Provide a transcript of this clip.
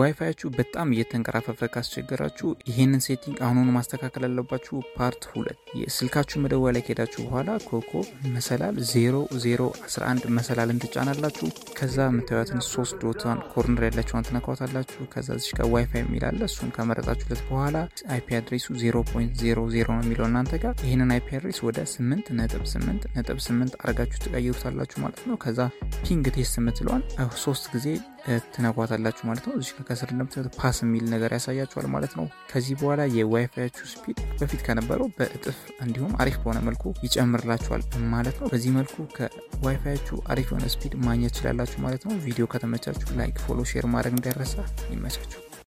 ዋይፋያችሁ በጣም እየተንቀራፈፈ ካስቸገራችሁ ይህንን ሴቲንግ አሁኑን ማስተካከል አለባችሁ። ፓርት ሁለት የስልካችሁ መደወያ ላይ ከሄዳችሁ በኋላ ኮኮ መሰላል 0011 መሰላልን ትጫናላችሁ። ከዛ የምታዩትን ሶስት ዶቷን ኮርነር ያላቸውን ትነኳታላችሁ። ከዛ ዚሽ ጋር ዋይፋይ የሚላለ እሱን ከመረጣችሁለት በኋላ አይፒ አድሬሱ 0.00 ነው የሚለው እናንተ ጋር ይህንን አይፒ አድሬስ ወደ 8 ነጥብ 8 ነጥብ 8 አርጋችሁ ትቀይሩታላችሁ ማለት ነው። ከዛ ፒንግ ቴስት የምትለዋን ሶስት ጊዜ ትነኳታላችሁ ማለት ነው። ከስር እንደምታዩት ፓስ የሚል ነገር ያሳያችኋል ማለት ነው። ከዚህ በኋላ የዋይፋያችሁ ስፒድ በፊት ከነበረው በእጥፍ እንዲሁም አሪፍ በሆነ መልኩ ይጨምርላችኋል ማለት ነው። በዚህ መልኩ ከዋይፋያችሁ አሪፍ የሆነ ስፒድ ማግኘት ትችላላችሁ ማለት ነው። ቪዲዮ ከተመቻችሁ ላይክ፣ ፎሎ፣ ሼር ማድረግ እንዳይረሳ። ይመቻችሁ።